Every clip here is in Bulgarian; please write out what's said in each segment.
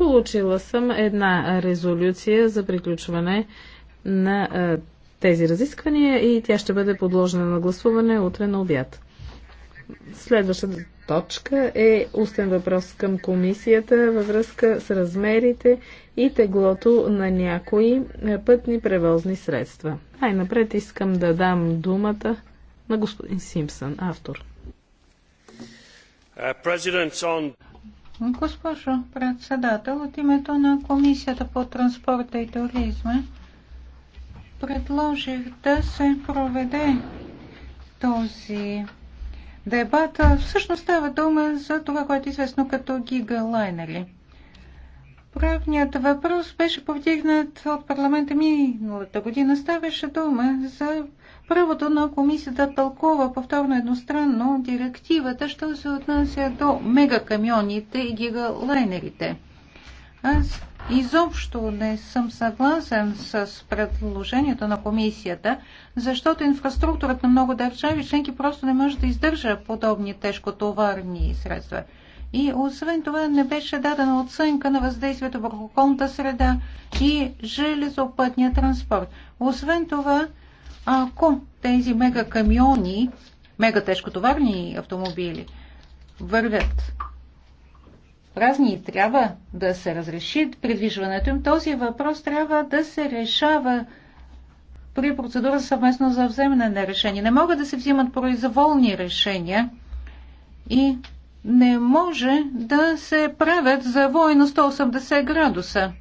Получила съм една резолюция за приключване на тези разисквания и тя ще бъде подложена на гласуване утре на обяд. Следващата точка е устен въпрос към комисията във връзка с размерите и теглото на някои пътни превозни средства. Най-напред искам да дам думата на господин Симпсън, автор. Uh, Госпожо председател, от името на Комисията по транспорта и туризма предложих да се проведе този дебат. Всъщност става дума за това, което е известно като гигалайнери. Правният въпрос беше повдигнат от парламента миналата година. Ставаше дума за правото на комисията тълкова повторно едностранно директивата, що се отнася до мегакамионите и гигалайнерите. Аз изобщо не съм съгласен с предложението на комисията, защото инфраструктурата на много държави членки просто не може да издържа подобни тежкотоварни средства. И освен това не беше дадена оценка на въздействието върху околната среда и железопътния транспорт. Освен това, ако тези мегакамиони, мегатежкотоварни автомобили вървят празни и трябва да се разреши предвижването им, този въпрос трябва да се решава при процедура съвместно за вземане на решение. Не могат да се взимат произволни решения и не може да се правят за на 180 градуса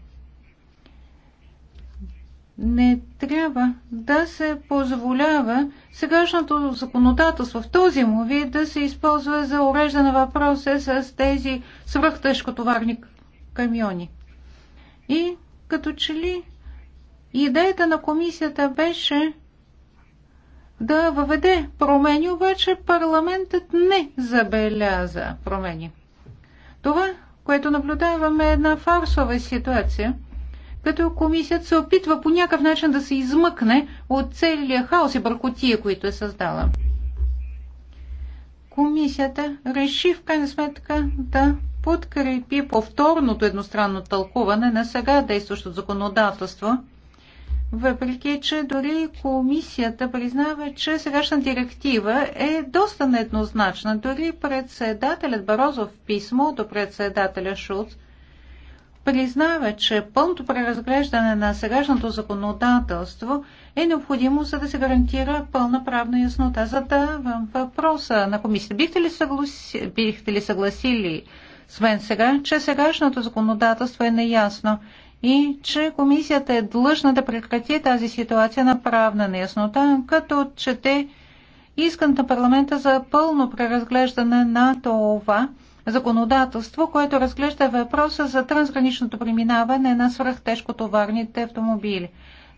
не трябва да се позволява сегашното законодателство в този му вид да се използва за уреждане въпроса с тези свръхтежкотоварни камиони. И като че ли идеята на комисията беше да въведе промени, обаче парламентът не забеляза промени. Това, което наблюдаваме е една фарсова ситуация – като комисията се опитва по някакъв начин да се измъкне от целия хаос и бъркотия, които е създала. Комисията реши в крайна сметка да подкрепи повторното едностранно тълкуване на сега действащото законодателство, въпреки че дори комисията признава, че сегашна директива е доста нееднозначна. Дори председателят Барозов в писмо до председателя Шулц – признава, че пълното преразглеждане на сегашното законодателство е необходимо, за да се гарантира пълна правна яснота. Задавам въпроса на комисията. Бихте ли, съгласи... Бихте ли съгласили с мен сега, че сегашното законодателство е неясно и че комисията е длъжна да прекрати тази ситуация на правна неяснота, като чете искането на парламента за пълно преразглеждане на това, законодателство, което разглежда въпроса за трансграничното преминаване на свръхтежкотоварните автомобили.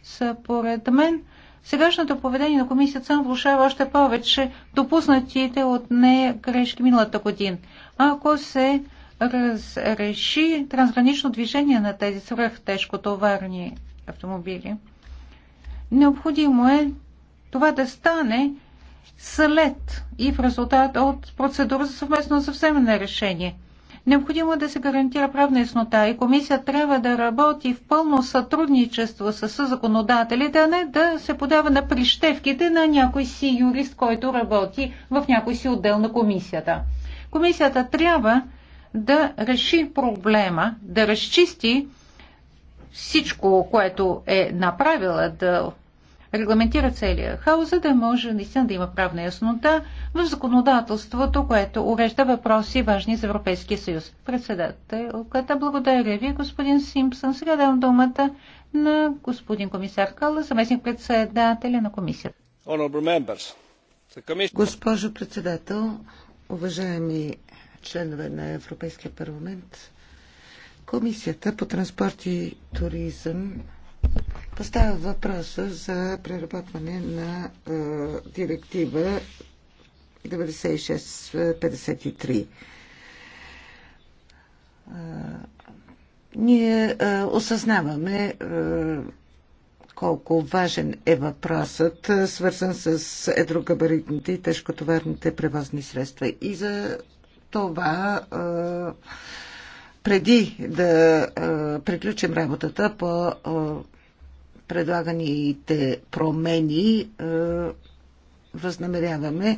Според мен, сегашното поведение на комисията сам влушава още повече допуснатите от нея грешки миналата година. Ако се разреши трансгранично движение на тези свръхтежкотоварни автомобили, необходимо е това да стане след и в резултат от процедура за съвместно завземане решение. Необходимо е да се гарантира правна яснота и комисия трябва да работи в пълно сътрудничество с законодателите, а не да се подава на прищевките на някой си юрист, който работи в някой си отдел на комисията. Комисията трябва да реши проблема, да разчисти всичко, което е направила, да регламентира целия хаос, за да може наистина да има правна яснота в законодателството, което урежда въпроси важни за Европейския съюз. Председателката, благодаря ви, господин Симпсън. Сега давам думата на господин комисар Калла, съместник председателя на комисията. Госпожо председател, уважаеми членове на Европейския парламент, Комисията по транспорт и туризъм Поставя въпроса за преработване на а, е, директива 9653. Е, ние а, е, осъзнаваме а, колко важен е въпросът, свързан с едрогабаритните и тежкотоварните превозни средства. И за това а, преди да а, приключим работата по а, предлаганите промени е, възнамеряваме е,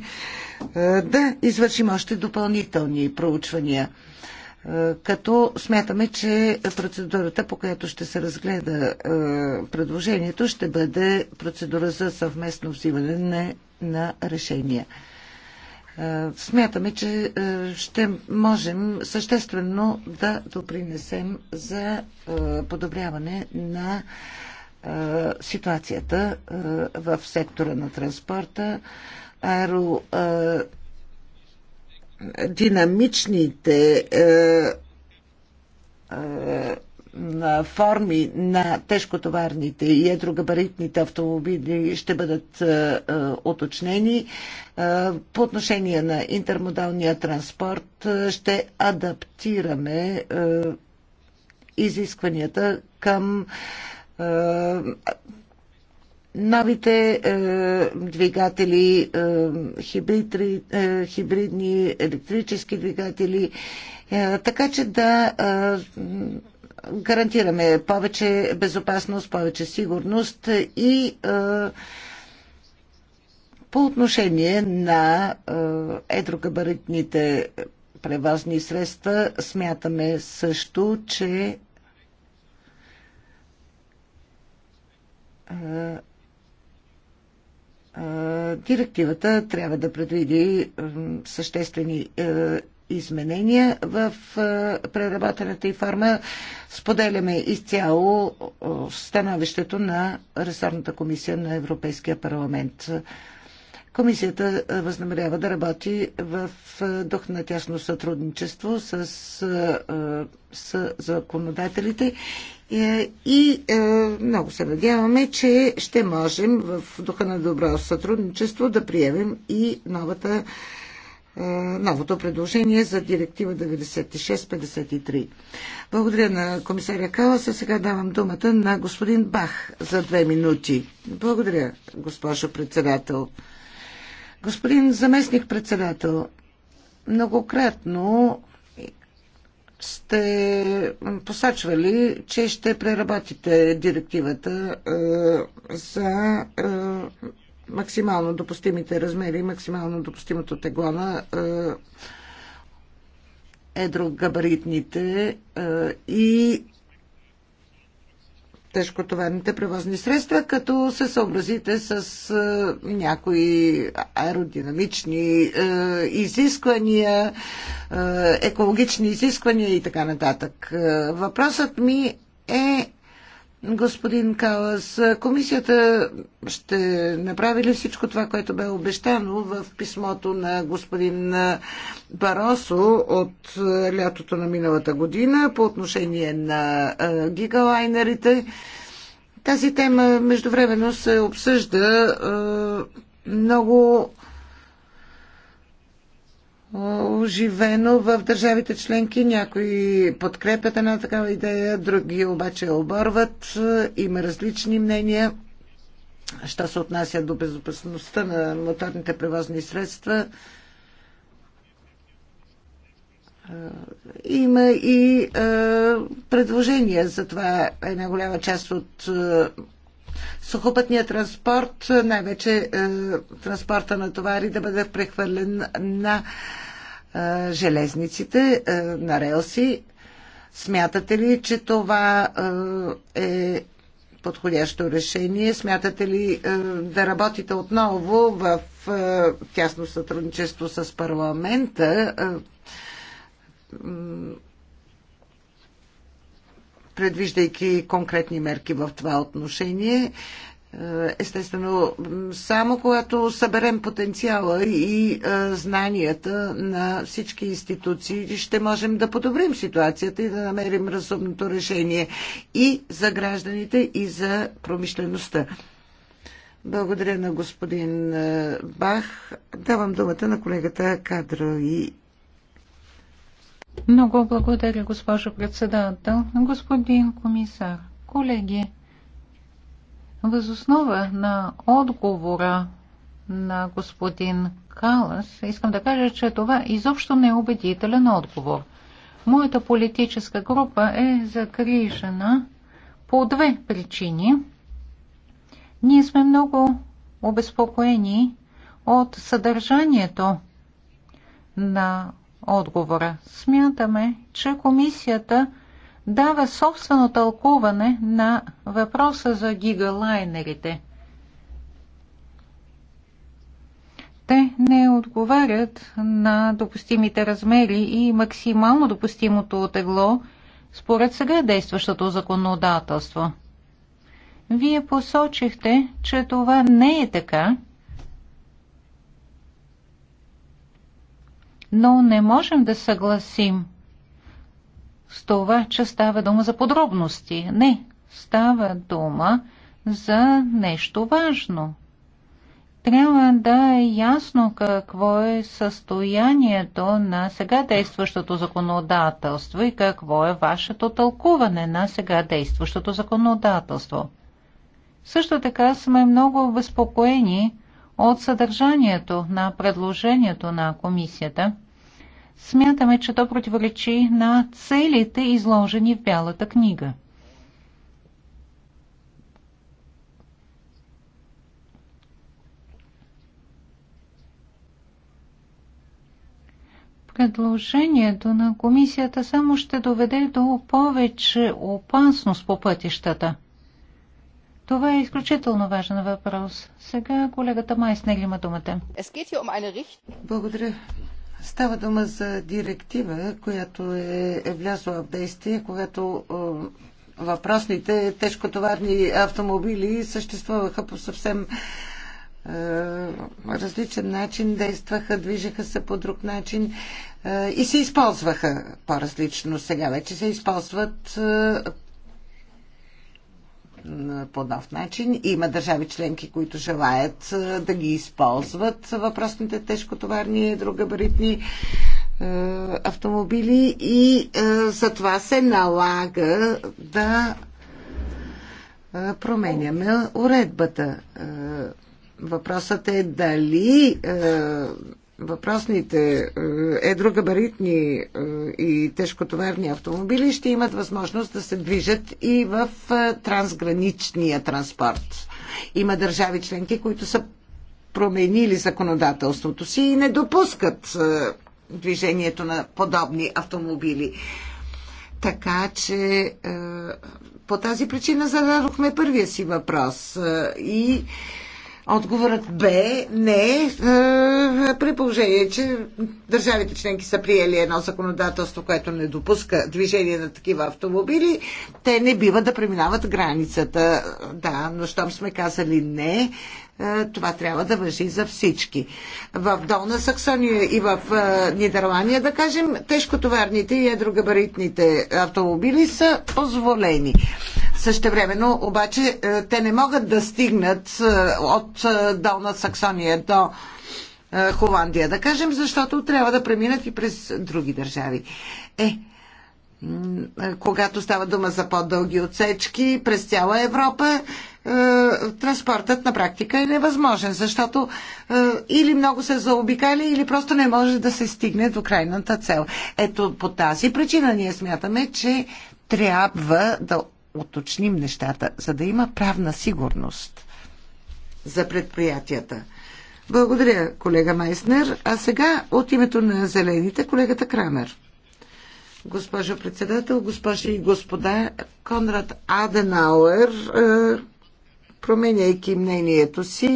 да извършим още допълнителни проучвания е, като смятаме, че процедурата, по която ще се разгледа предложението, ще бъде процедура за съвместно взимане на решения. Смятаме, че ще можем съществено да допринесем за подобряване на ситуацията в сектора на транспорта, аеро динамичните форми на тежкотоварните и едрогабаритните автомобили ще бъдат уточнени. По отношение на интермодалния транспорт ще адаптираме изискванията към е, новите е, двигатели, е, хибридри, е, хибридни електрически двигатели, е, така че да е, гарантираме повече безопасност, повече сигурност и е, по отношение на е, едрогабаритните превозни средства смятаме също, че директивата трябва да предвиди съществени изменения в преработената и форма. Споделяме изцяло становището на Ресорната комисия на Европейския парламент. Комисията възнамерява да работи в дух на тясно сътрудничество с, с законодателите е, и е, много се надяваме, че ще можем в духа на добро сътрудничество да приемем и новата, е, новото предложение за директива 9653. Благодаря на комисаря Каласа. Сега давам думата на господин Бах за две минути. Благодаря, госпожо председател. Господин заместник председател, многократно сте посачвали, че ще преработите директивата е, за е, максимално допустимите размери максимално допустимото тегло на е, едрогабаритните и тежкотоварните превозни средства, като се съобразите с е, някои аеродинамични е, изисквания, е, екологични изисквания и така нататък. Въпросът ми е господин Калас, комисията ще направи ли всичко това, което бе обещано в писмото на господин Баросо от е, лятото на миналата година по отношение на е, гигалайнерите? Тази тема междувременно се обсъжда е, много оживено в държавите членки. Някои подкрепят една такава идея, други обаче оборват. Има различни мнения, що се отнася до безопасността на моторните превозни средства. Има и предложения за това една голяма част от сухопътния транспорт, най-вече транспорта на товари да бъде прехвърлен на железниците на релси. Смятате ли, че това е подходящо решение? Смятате ли да работите отново в тясно сътрудничество с парламента? предвиждайки конкретни мерки в това отношение Естествено, само когато съберем потенциала и е, знанията на всички институции, ще можем да подобрим ситуацията и да намерим разумното решение и за гражданите, и за промишлеността. Благодаря на господин е, Бах. Давам думата на колегата Кадро и много благодаря, госпожо председател. Господин комисар, колеги, Възоснова на отговора на господин Калас, искам да кажа, че това изобщо не е убедителен отговор. Моята политическа група е загрижена по две причини. Ние сме много обезпокоени от съдържанието на отговора. Смятаме, че комисията – дава собствено тълкуване на въпроса за гигалайнерите. Те не отговарят на допустимите размери и максимално допустимото тегло според сега действащото законодателство. Вие посочихте, че това не е така, но не можем да съгласим с това, че става дума за подробности. Не, става дума за нещо важно. Трябва да е ясно какво е състоянието на сега действащото законодателство и какво е вашето тълкуване на сега действащото законодателство. Също така сме много възпокоени от съдържанието на предложението на комисията – Смятаме, че то противоречи на целите, изложени в Бялата книга. Предложението на комисията само ще доведе до повече опасност по пътищата. Това е изключително важен въпрос. Сега колегата Майснер има думата. Um Благодаря. Става дума за директива, която е, е влязла в действие, когато е, въпросните тежкотоварни автомобили съществуваха по съвсем е, различен начин, действаха, движеха се по друг начин е, и се използваха по-различно. Сега вече се използват е, по нов начин. Има държави членки, които желаят да ги използват въпросните тежкотоварни другабаритни автомобили и за това се налага да променяме уредбата. Въпросът е дали въпросните едрогабаритни е е, и тежкотоварни автомобили ще имат възможност да се движат и в е, трансграничния транспорт. Има държави членки, които са променили законодателството си и не допускат движението на подобни автомобили. Така че по тази причина зададохме първия си въпрос и Отговорът Б не е, е, е, при положение, че държавите членки са приели едно законодателство, което не допуска движение на такива автомобили, те не бива да преминават границата. Да, но щом сме казали не, е, това трябва да въжи за всички. В Долна Саксония и в Нидерландия, да кажем, тежкотоварните и едрогабаритните автомобили са позволени. Същевременно обаче е, те не могат да стигнат е, от е, Долна Саксония до Холандия, да кажем, защото трябва да преминат и през други държави. Е, когато става дума за по-дълги отсечки през цяла Европа, транспортът на практика е невъзможен, защото или много се заобикали, или просто не може да се стигне до крайната цел. Ето по тази причина ние смятаме, че трябва да уточним нещата, за да има правна сигурност за предприятията. Благодаря, колега Майснер. А сега от името на зелените, колегата Крамер. Госпожо председател, госпожи и господа, Конрад Аденауер, е, променяйки мнението си,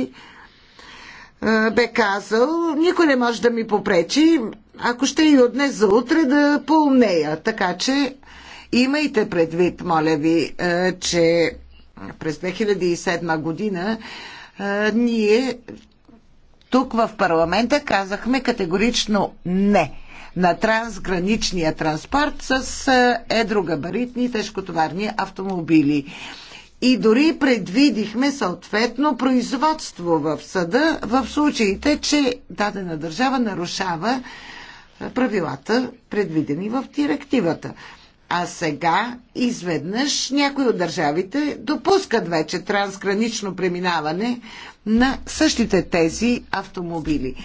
е, бе казал, никой не може да ми попречи, ако ще и от днес за утре да поумнея. Така че Имайте предвид, моля ви, е, че през 2007 година е, ние тук в парламента казахме категорично не на трансграничния транспорт с е, едрогабаритни тежкотоварни автомобили. И дори предвидихме съответно производство в съда в случаите, че дадена държава нарушава правилата, предвидени в директивата. А сега изведнъж някои от държавите допускат вече трансгранично преминаване на същите тези автомобили.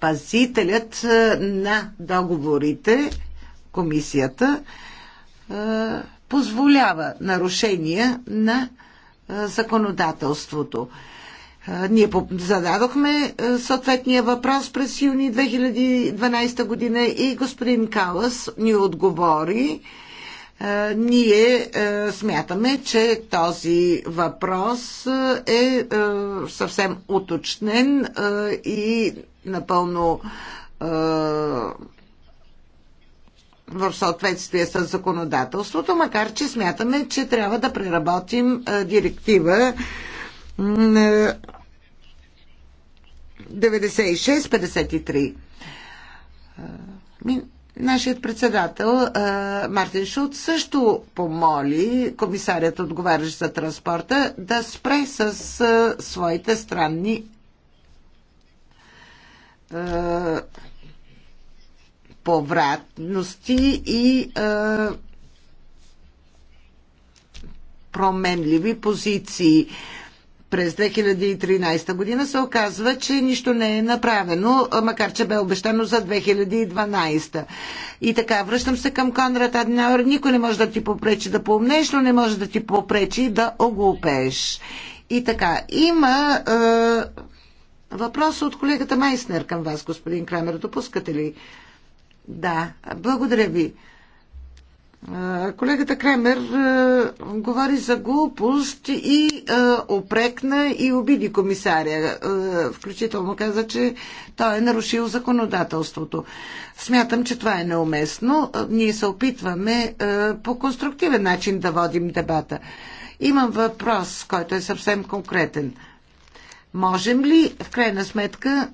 Пазителят е, на договорите, комисията, е, позволява нарушения на е, законодателството. Ние зададохме съответния въпрос през юни 2012 година и господин Калас ни отговори. Ние смятаме, че този въпрос е съвсем уточнен и напълно в съответствие с законодателството, макар че смятаме, че трябва да преработим директива 96-53. Нашият председател Мартин Шут също помоли комисарят отговарящ за транспорта да спре с своите странни повратности и променливи позиции през 2013 година се оказва, че нищо не е направено, макар че бе обещано за 2012. И така, връщам се към Конрад Аденауер. Никой не може да ти попречи да поумнеш, но не може да ти попречи да оглупееш. И така, има е, въпрос от колегата Майснер към вас, господин Крамер. Допускате ли? Да, благодаря ви. Колегата Кремер говори за глупост и опрекна и обиди комисаря. включително каза, че той е нарушил законодателството. Смятам, че това е неуместно. Ние се опитваме по конструктивен начин да водим дебата. Имам въпрос, който е съвсем конкретен. Можем ли, в крайна сметка,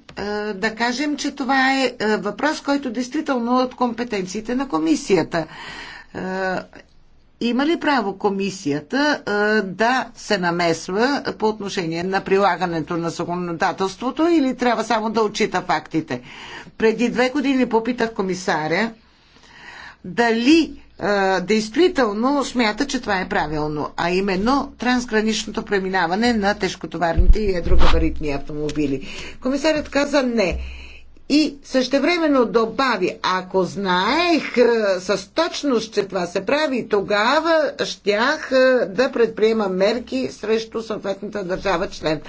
да кажем, че това е въпрос, който действително е от компетенциите на комисията? Е, има ли право комисията е, да се намесва по отношение на прилагането на законодателството или трябва само да отчита фактите? Преди две години попитах комисаря дали е, действително смята, че това е правилно, а именно трансграничното преминаване на тежкотоварните и едрогабаритни автомобили. Комисарят каза не и същевременно добави, ако знаех е, с точност, че това се прави, тогава щях е, да предприема мерки срещу съответната държава член.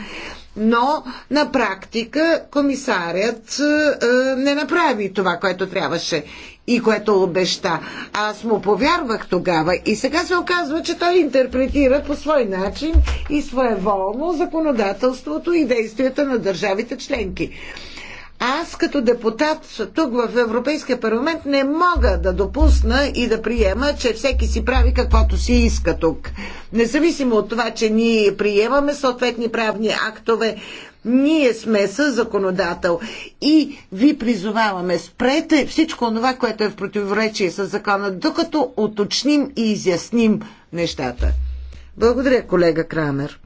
Но на практика комисарят е, не направи това, което трябваше и което обеща. Аз му повярвах тогава и сега се оказва, че той интерпретира по свой начин и своеволно законодателството и действията на държавите членки. Аз като депутат тук в Европейския парламент не мога да допусна и да приема, че всеки си прави каквото си иска тук. Независимо от това, че ние приемаме съответни правни актове, ние сме със законодател и ви призоваваме, спрете всичко това, което е в противоречие с закона, докато уточним и изясним нещата. Благодаря, колега Крамер.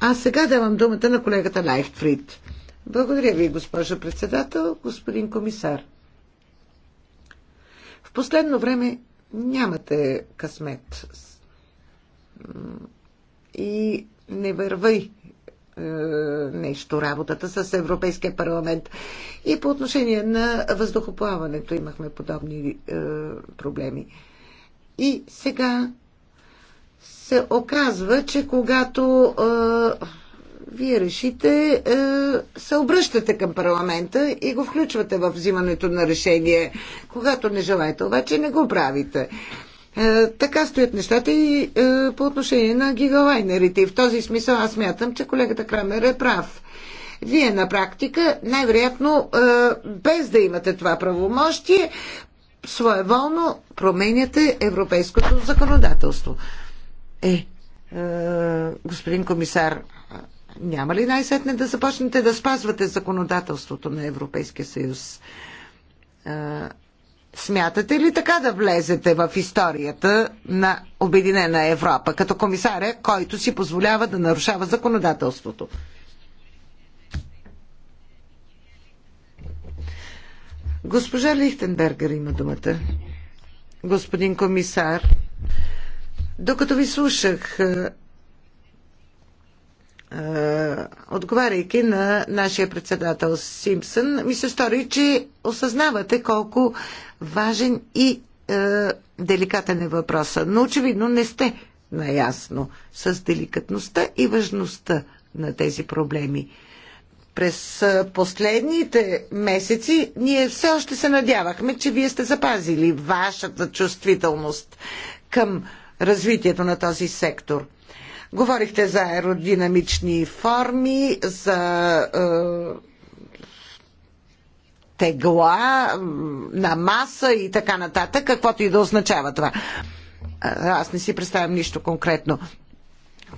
А сега давам думата на колегата Лайфтфрид. Благодаря ви, госпожо председател, господин комисар. В последно време нямате късмет и не вървай е, нещо работата с Европейския парламент. И по отношение на въздухоплаването имахме подобни е, проблеми. И сега се оказва, че когато е, вие решите, е, се обръщате към парламента и го включвате в взимането на решение. Когато не желаете, обаче не го правите. Е, така стоят нещата и е, по отношение на гигалайнерите. И в този смисъл аз мятам, че колегата Крамер е прав. Вие на практика, най-вероятно, без да имате това правомощие, своеволно променяте европейското законодателство. Е, господин комисар, няма ли най-сетне да започнете да спазвате законодателството на Европейския съюз? Смятате ли така да влезете в историята на Обединена Европа, като комисаря, който си позволява да нарушава законодателството? Госпожа Лихтенбергер има думата. Господин комисар, докато ви слушах, е, отговаряйки на нашия председател Симпсън, ми се стори, че осъзнавате колко важен и е, деликатен е въпроса. Но очевидно не сте наясно с деликатността и важността на тези проблеми. През е, последните месеци ние все още се надявахме, че вие сте запазили вашата чувствителност към развитието на този сектор – Говорихте за аеродинамични форми, за е, тегла, на маса и така нататък, каквото и да означава това. Е, аз не си представям нищо конкретно.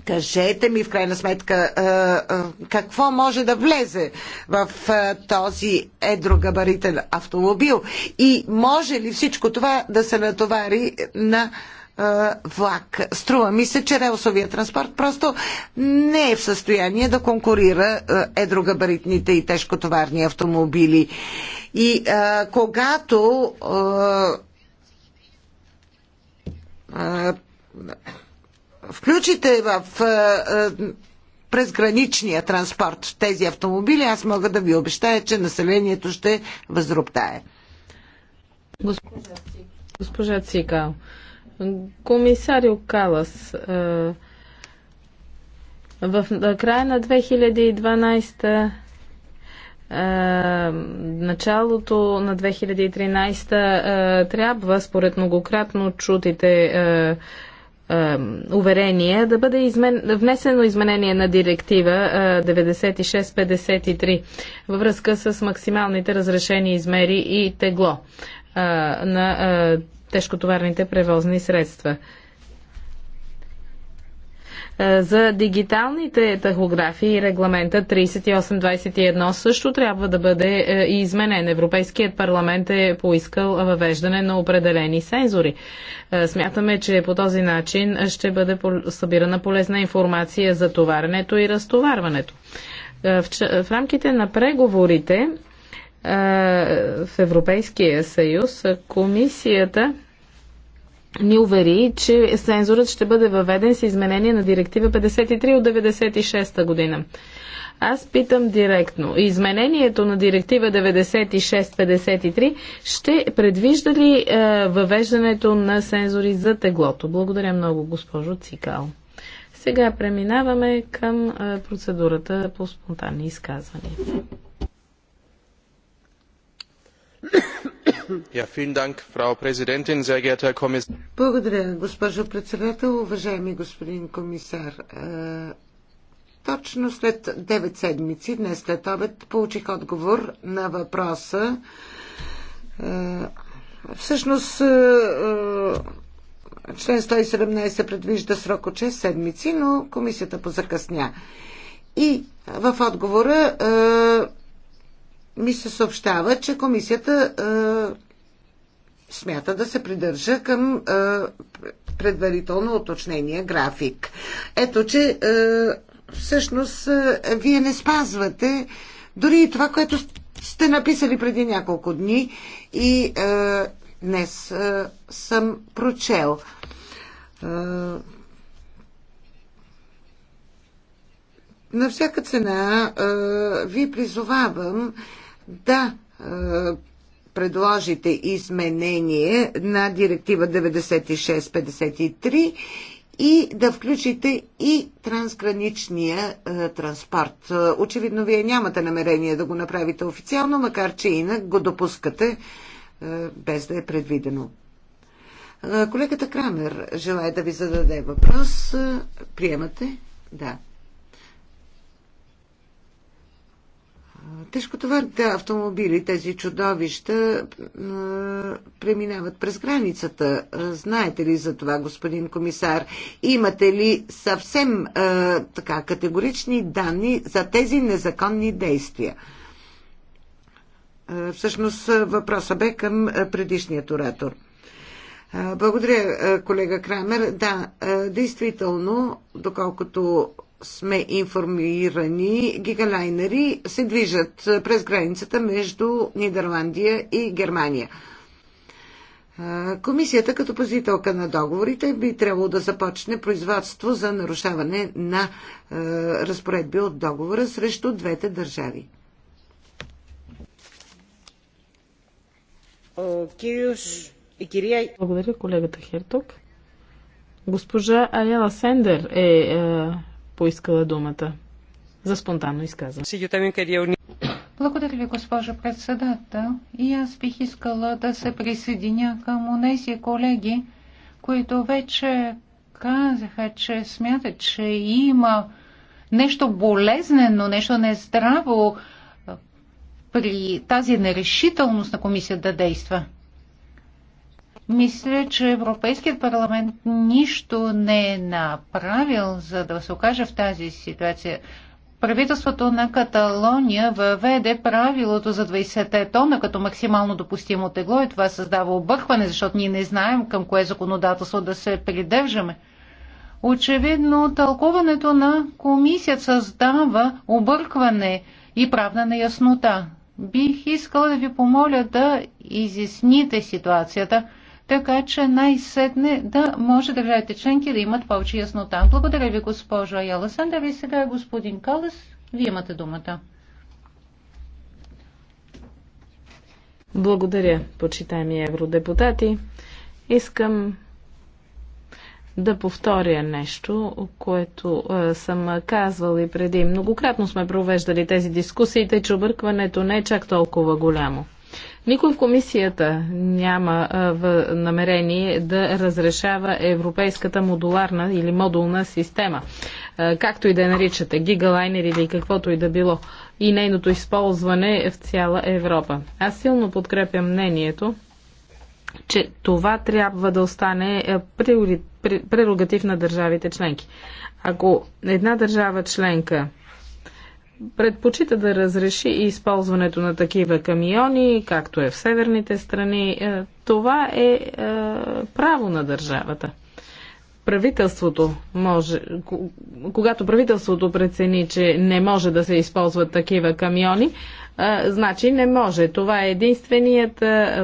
Кажете ми, в крайна сметка, е, какво може да влезе в този едрогабаритен автомобил и може ли всичко това да се натовари на влак. Струва ми се, че релсовия транспорт просто не е в състояние да конкурира едрогабаритните и тежкотоварни автомобили. И а, когато а, а, включите в презграничния транспорт тези автомобили, аз мога да ви обещая, че населението ще възруптае. Госпожа Цикал, Комисарио Калас, е, в е, края на 2012 е, началото на 2013 трябва, според многократно чутите уверения, да бъде измен... внесено изменение на директива 9653 във връзка с максималните разрешени измери и тегло на тежкотоварните превозни средства. Е, за дигиталните тахографии регламента 3821 също трябва да бъде е, и изменен. Европейският парламент е поискал въвеждане на определени сензори. Е, смятаме, че по този начин ще бъде събирана полезна информация за товаренето и разтоварването. В рамките на преговорите в Европейския съюз, комисията ни увери, че сензорът ще бъде въведен с изменение на директива 53 от 96 година. Аз питам директно. Изменението на директива 96-53 ще предвижда ли е, въвеждането на сензори за теглото? Благодаря много, госпожо Цикал. Сега преминаваме към е, процедурата по спонтанни изказвания. Благодаря, госпожо председател, уважаеми господин комисар. Е, точно след 9 седмици, днес след обед, получих отговор на въпроса. Е, всъщност, е, член 117 предвижда срок от 6 седмици, но комисията позакъсня. И в отговора ми се съобщава, че комисията е, смята да се придържа към е, предварително уточнения график. Ето, че е, всъщност е, вие не спазвате дори и това, което сте написали преди няколко дни и е, днес е, съм прочел. Е, на всяка цена е, ви призовавам да е, предложите изменение на директива 9653 и да включите и трансграничния е, транспорт. Е, очевидно, вие нямате намерение да го направите официално, макар че инак го допускате е, без да е предвидено. Е, колегата Крамер желая да ви зададе въпрос. Е, приемате? Да. Тежкотоварните автомобили, тези чудовища, е, преминават през границата. Е, знаете ли за това, господин комисар? Имате ли съвсем е, така категорични данни за тези незаконни действия? Всъщност въпросът бе към предишният оратор. Благодаря, колега Крамер. Да, действително, доколкото сме информирани, гигалайнери се движат през границата между Нидерландия и Германия. Комисията като позителка на договорите би трябвало да започне производство за нарушаване на е, разпоредби от договора срещу двете държави. Благодаря колегата Херток. Госпожа Аяла Сендер е, е поискала думата за спонтанно изказване. Благодаря ви, госпожо председател. И аз бих искала да се присъединя към тези колеги, които вече казаха, че смятат, че има нещо болезнено, нещо нездраво при тази нерешителност на комисията да действа. Мисля, че Европейският парламент нищо не е направил, за да се окаже в тази ситуация. Правителството на Каталония въведе правилото за 20 те тона като максимално допустимо тегло и това създава объркване, защото ние не знаем към кое законодателство да се придържаме. Очевидно, тълкуването на комисията създава объркване и правна неяснота. Бих искала да ви помоля да изясните ситуацията – така че най-сетне да може държавите членки да имат повече яснота. Благодаря ви, госпожо Аяла Сандър. И сега господин Калас, вие имате думата. Благодаря, почитаеми евродепутати. Искам да повторя нещо, което е, съм казвал и преди. Многократно сме провеждали тези дискусии, тъй че объркването не е чак толкова голямо. Никой в комисията няма в намерение да разрешава европейската модуларна или модулна система, както и да я наричате, гигалайнер или каквото и да било, и нейното използване в цяла Европа. Аз силно подкрепям мнението, че това трябва да остане прерогатив на държавите членки. Ако една държава членка предпочита да разреши използването на такива камиони, както е в северните страни. Е, това е, е право на държавата правителството може, когато правителството прецени, че не може да се използват такива камиони, значи не може. Това е единственият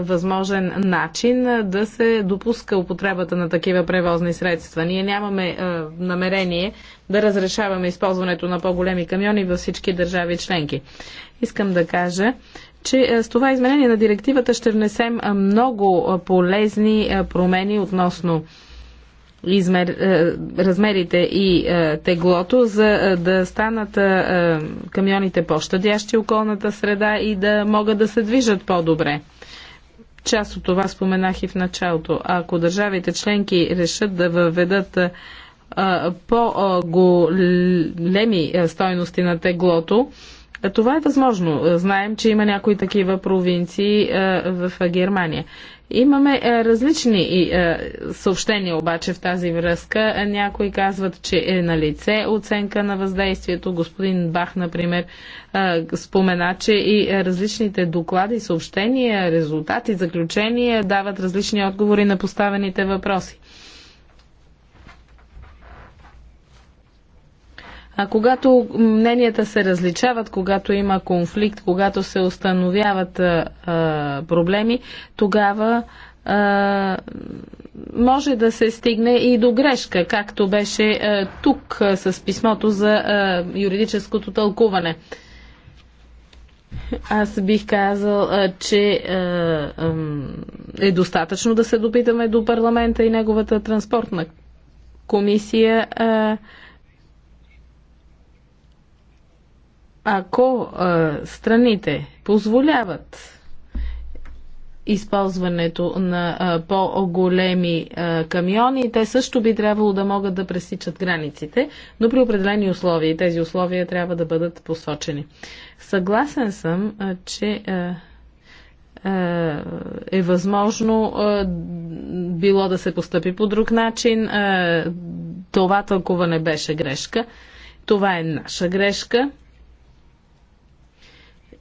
възможен начин да се допуска употребата на такива превозни средства. Ние нямаме намерение да разрешаваме използването на по-големи камиони във всички държави членки. Искам да кажа, че с това изменение на директивата ще внесем много полезни промени относно измер, е, размерите и е, теглото, за е, да станат камионите по-щадящи околната среда и да могат да се движат по-добре. Част от това споменах и в началото. Ако държавите членки решат да въведат по-големи стойности на теглото, това е възможно. Е, знаем, че има някои такива провинции е, в е, Германия. Имаме различни съобщения обаче в тази връзка. Някои казват, че е на лице оценка на въздействието. Господин Бах, например, спомена, че и различните доклади, съобщения, резултати, заключения дават различни отговори на поставените въпроси. А когато мненията се различават, когато има конфликт, когато се установяват а, проблеми, тогава а, може да се стигне и до грешка, както беше а, тук а, с писмото за а, юридическото тълкуване. Аз бих казал, че е достатъчно да се допитаме до парламента и неговата транспортна комисия. Ако а, страните позволяват използването на по-големи камиони. Те също би трябвало да могат да пресичат границите, но при определени условия. И тези условия трябва да бъдат посочени. Съгласен съм, а, че а, е възможно било да се постъпи по друг начин. Това тълкуване беше грешка. Това е наша грешка.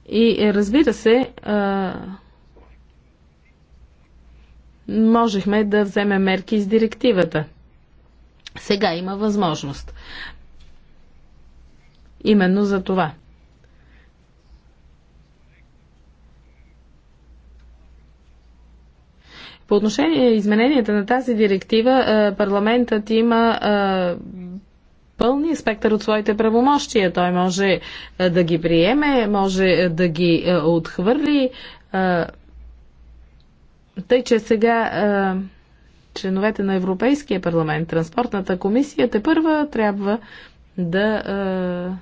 И е, разбира се, можехме да вземем мерки с директивата. Сега има възможност. Именно за това. По отношение измененията на тази директива, парламентът има пълния спектър от своите правомощия. Той може е, да ги приеме, може е, да ги е, отхвърли. Тъй, че сега членовете на Европейския парламент, Транспортната комисия, те първа трябва да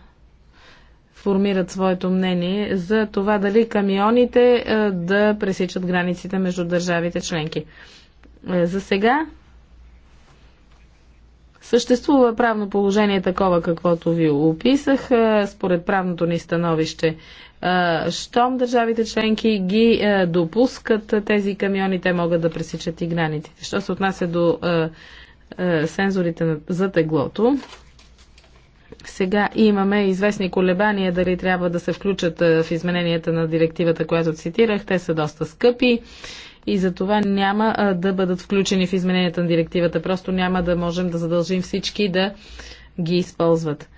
формират своето мнение за това дали камионите да пресичат границите между държавите членки. За сега Съществува правно положение такова, каквото ви описах, е, според правното ни становище. Е, щом държавите членки ги е, допускат тези камиони, те могат да пресичат и границите. Що се отнася до сензорите за теглото, сега имаме известни колебания дали трябва да се включат в измененията на директивата, която цитирах. Те са доста скъпи и за това няма а, да бъдат включени в измененията на директивата. Просто няма да можем да задължим всички да ги използват.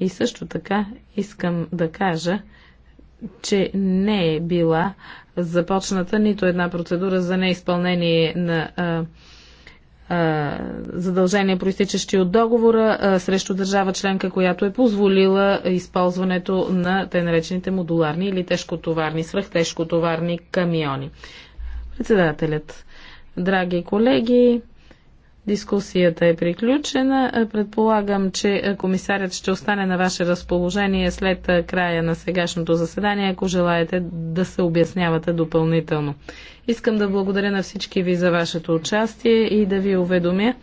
И също така искам да кажа, че не е била започната нито една процедура за неизпълнение на а, а, задължения, проистичащи от договора а, срещу държава членка, която е позволила използването на те наречените модуларни или тежкотоварни, свръхтежкотоварни камиони. Председателят. Драги колеги, Дискусията е приключена. Предполагам, че комисарят ще остане на ваше разположение след края на сегашното заседание, ако желаете да се обяснявате допълнително. Искам да благодаря на всички ви за вашето участие и да ви уведомя,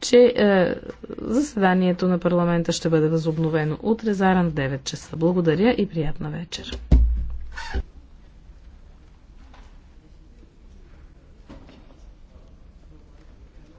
че е, заседанието на парламента ще бъде възобновено утре заран в 9 часа. Благодаря и приятна вечер.